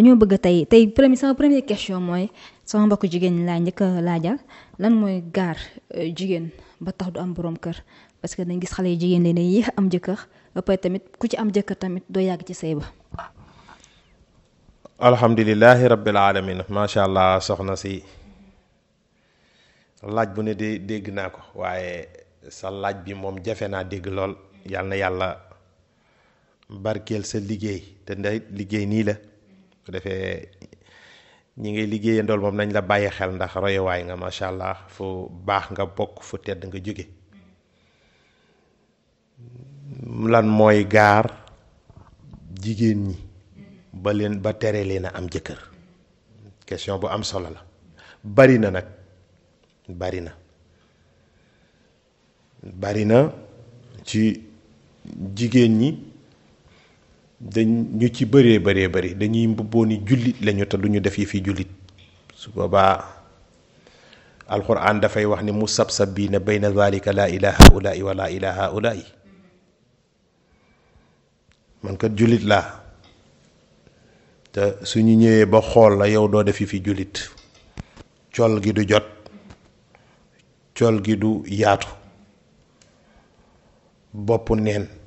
dañoo bëgg tey tey premier sama première question mooy sama mbokku jigéen ñi laa njëkk a laajal lan mooy gaar euh, jigéen ba tax du am borom kër parce que dañ gis xale yi jigéen dañuy yéex am jëkkër ba tamit ku ci am jëkkër tamit doo yàgg ci sëy ba. alhamdulilahi rabbil alamin macha allah soxna si laaj bu ne dégg naa ko waaye sa laaj bi moom jafe naa dégg lool yal yàlla barkeel sa liggéey te ndey liggéey nii la. su defee ñi ngay liggéeyandool moom nañ la bàyyi xel ndax royuwaay nga macha allah fu baax nga bokk fu tedd nga jóge lan mooy gaar jigéen ñi ba leen ba tere leen a am jëkkër question bu am solo la bari na nag bari na bari na ci jigéen ñi dañ ñu ci bëree bëree bëri dañuy mbubboo ni jullit lañu te duñu def yi fi jullit su boobaa alquran dafay wax ni mu sab-sab bii na bayna zalika laa ilaa haulaai wa laa ilaa haulaai man jullit laa te suñu ñëwee ba xool la yow doo def yi fi jullit col gi du jot col gi du yaatu bopp neen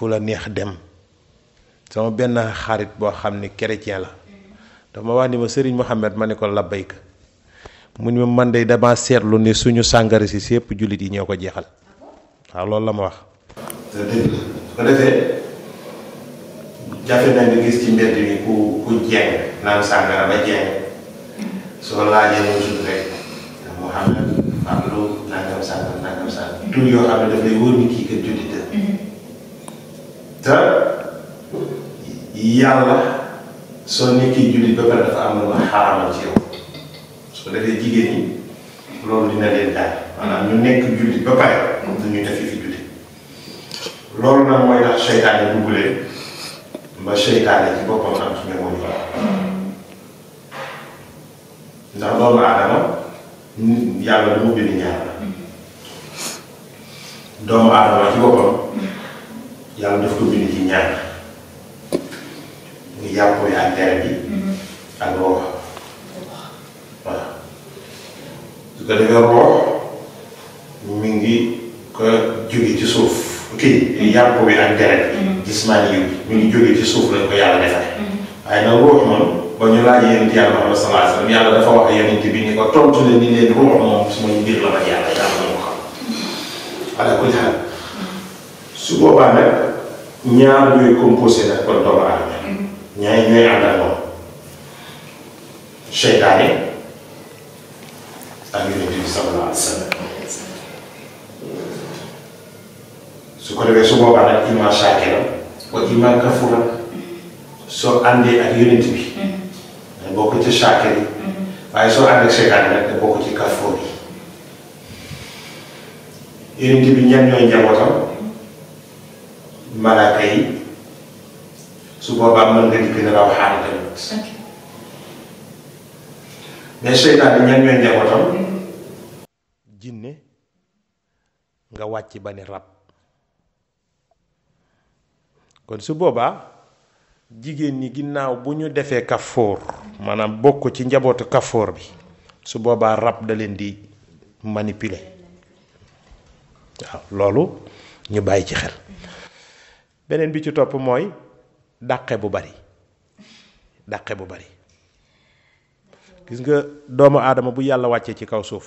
fula neex dem sama ben xarit bo xamni chrétien la dama wax ni ma serigne mohammed maniko ne muñ labbayka ma man day dama setlu ni suñu sàngara ci yépp julit yi ñoko ko wa lool loolu wax ko defé jafé na nga gis ci mbéd mi ku ku jéng naan sangara ba jeng soo laajee ñu ci rek mohammed fàllu nangam sàngam nangam sàngam tur yoo xam ne daf lay wóor ni ki ke julit te yàlla soo nekkee jullit ba pare dafa am lu ma xaraamal ci yow su ko defee jigéen ñi leen daal maanaam ñu nekk jullit ba pare moom dañuy def fi jullit loolu nag mooy tax seytaane dugg leen ba seytaane ci boppam am ci ñoom ndax doomu aadama yàlla du mu bind ñaar la yàlla daf ko bind ci ñaar muy yàpp bi ak deret bi ak roox waaw su ko defee roox mi ngi ko jóge ci suuf kii yàpp bi ak deret bi gismaani mm-hmm. yu mi ngi jóge ci suuf lañ ko yàlla defee mm-hmm. waaye nag roox moom ba ñu laajee yonent yàlla Muhammad sallallahu alayhi wasallam yàlla dafa wax yonent bi ni ko tontu leen ni leen ruux moom su ma mbir la ma yàlla yàlla moo xam mm-hmm. ala kulli xaal su boobaa nag ñaar ñooy composé nag kon doomu aadama ñaar ñooy àndandoo seytaane ak yonent bi sallallahu alayhi wa sallam su ko defee su boobaa nag iman shakira wa iman kafura soo àndee ak yonent bi dañ bokk ci shakir yi waaye soo ànd ak seytaane nag da bokk ci kafoor yi yonent bi ñan ñooy njabootam malakai su boba man nga di gën a raw xaal tamit mais seytaan ñan ñooy njabootam jinne nga wacc ba ne rab kon su boba jigen ni ginnaw bu ñu defee kafoor maanaam ci njabot kafoor bi su boba rap da len di manipuler lolu ñu bayyi ci xel beneen bi ci topp mooy dàqe bu bari dàqe bu bari gis nga doomu aadama bu yàlla wàccee ci kaw suuf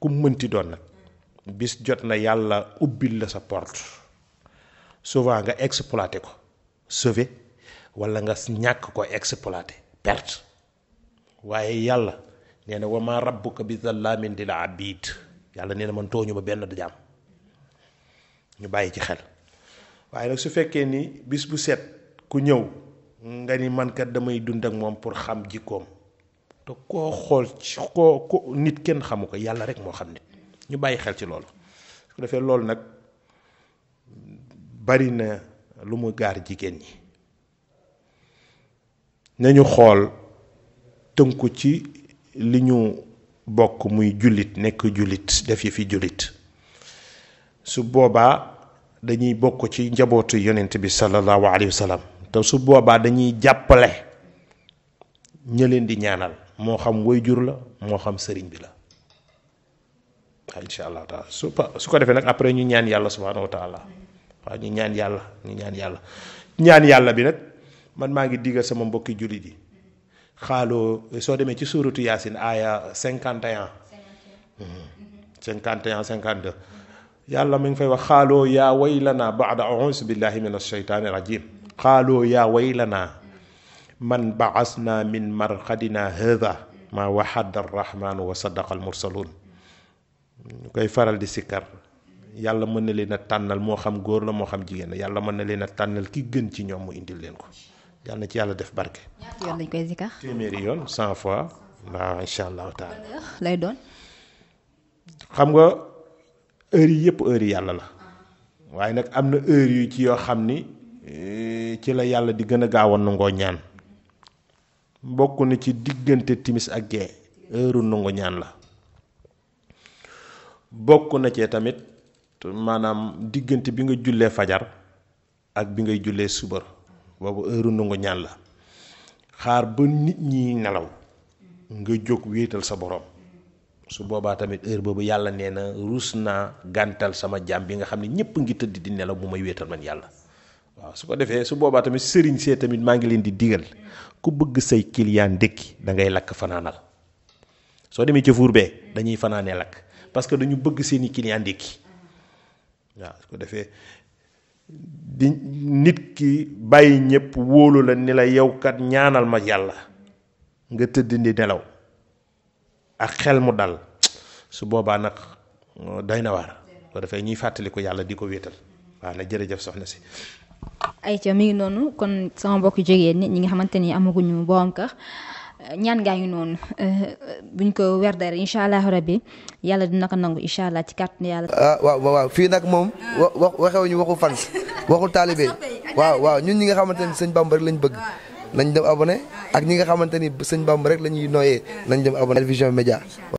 ku mënti doon nag bis jot na yàlla ubbil la sa porte souvent nga exploité ko sauvé wala nga ñàkk ko exploité perte waaye yàlla nee na wama rabbuka bi zallaamin dil abid yàlla nee na man tooñu ba benn jaam ñu bàyyi ci xel waaye nag su fekkee ni bis bu set ku ñëw nga ni man kat damay dund ak moom pour xam jikkoom te koo xool ci koo ko nit kenn xamu ko yàlla rek moo xam nit ñu bàyyi xel ci loolu su defee loolu nag bari na lu mu gaar jigéen ñi nañu xool tënku ci li ñu bokk muy nekk def yi fi julit. su boobaa dañuy bokk ci njabootu yonent bi sallallahu alayhi wasallam te su boobaa dañuy jàppale ña leen di ñaanal moo xam way jur la moo xam sëriñ bi la insha allah taala su su ko defee nag après ñu ñaan yàlla subhanahu wa taala waaw ñu ñaan yàlla ñu ñaan yàlla ñaan yàlla bi nag man maa ngi digal sama mbokki julit di xaaloo soo demee ci suuratu yasin aya 51 51 52 yàlla mi ngi fay wax khalo ya waylana ba'da aus billahi minash shaitani rajim khalo ya waylana man baasna min marqadina hadha ma wahad arrahman wa sadaqa almursalun koy faral di sikkar yàlla mën na leen a tànnal moo xam góor la moo xam jigéen la yàlla mën na leen a tànnal ki gën ci ñoom mu indil leen ko yàlla na ci yàlla def barke koy téeméeri yoon cent fois waaw incha allahu taala lay doon xam nga heure yi yëpp heure yi yàlla la waaye nag am na heure yu ci yoo xam ni eh, ci la yàlla di gën a gaaw a nangoo ñaan bokk na ci diggante timis ak gee heure nangu ñaan la bokk na cee tamit maanaam diggante bi nga jullee fajar ak bi ngay jullee suba boobu heure nangu ñaan la xaar ba nit ñi nelaw nga jóg wéetal sa borom su boba tamit heure bobu yalla neena rusna gantal sama jambing, bi nga xamni ñepp ngi teud di nelaw bu may wétal man yalla wa su ko defé su boba tamit serigne sé tamit ma ngi leen di digal ku bëgg sey client dekk da ngay lak fananal so demé ci fuur bee dañuy fanané lak parce que dañu bëgg seeni client dekk wa su ko defé di nit ki bayyi ñepp wolu la nila yow kat ñaanal ma yalla nga teud di nelaw ak xel mu dal su boobaa nag euh, doy na waar bu defee ñuy fàttaliku yàlla di ko wéetal waaw na jërëjëf soxna si. ayca mi ngi noonu kon sama mbokk jigéen ñi nga xamante ni amaguñu boom ñaan gaa ngi noonu euh, buñ ko weer dara incha allah rabbi yàlla dina ko nangu incha allah ci kàttan yàlla. Ah, waaw waaw fii nag moom. Ah. wax waxewuñu waxu fans waxu taalibe. waaw waaw ñun ñi nga xamante ne ah. sëñ Bamba rek lañ bëgg. lañu dem abonné ak ñi nga xamante ni sëñ Bamba rek la ñuy nooyee nañ dem abonné El Vision Médias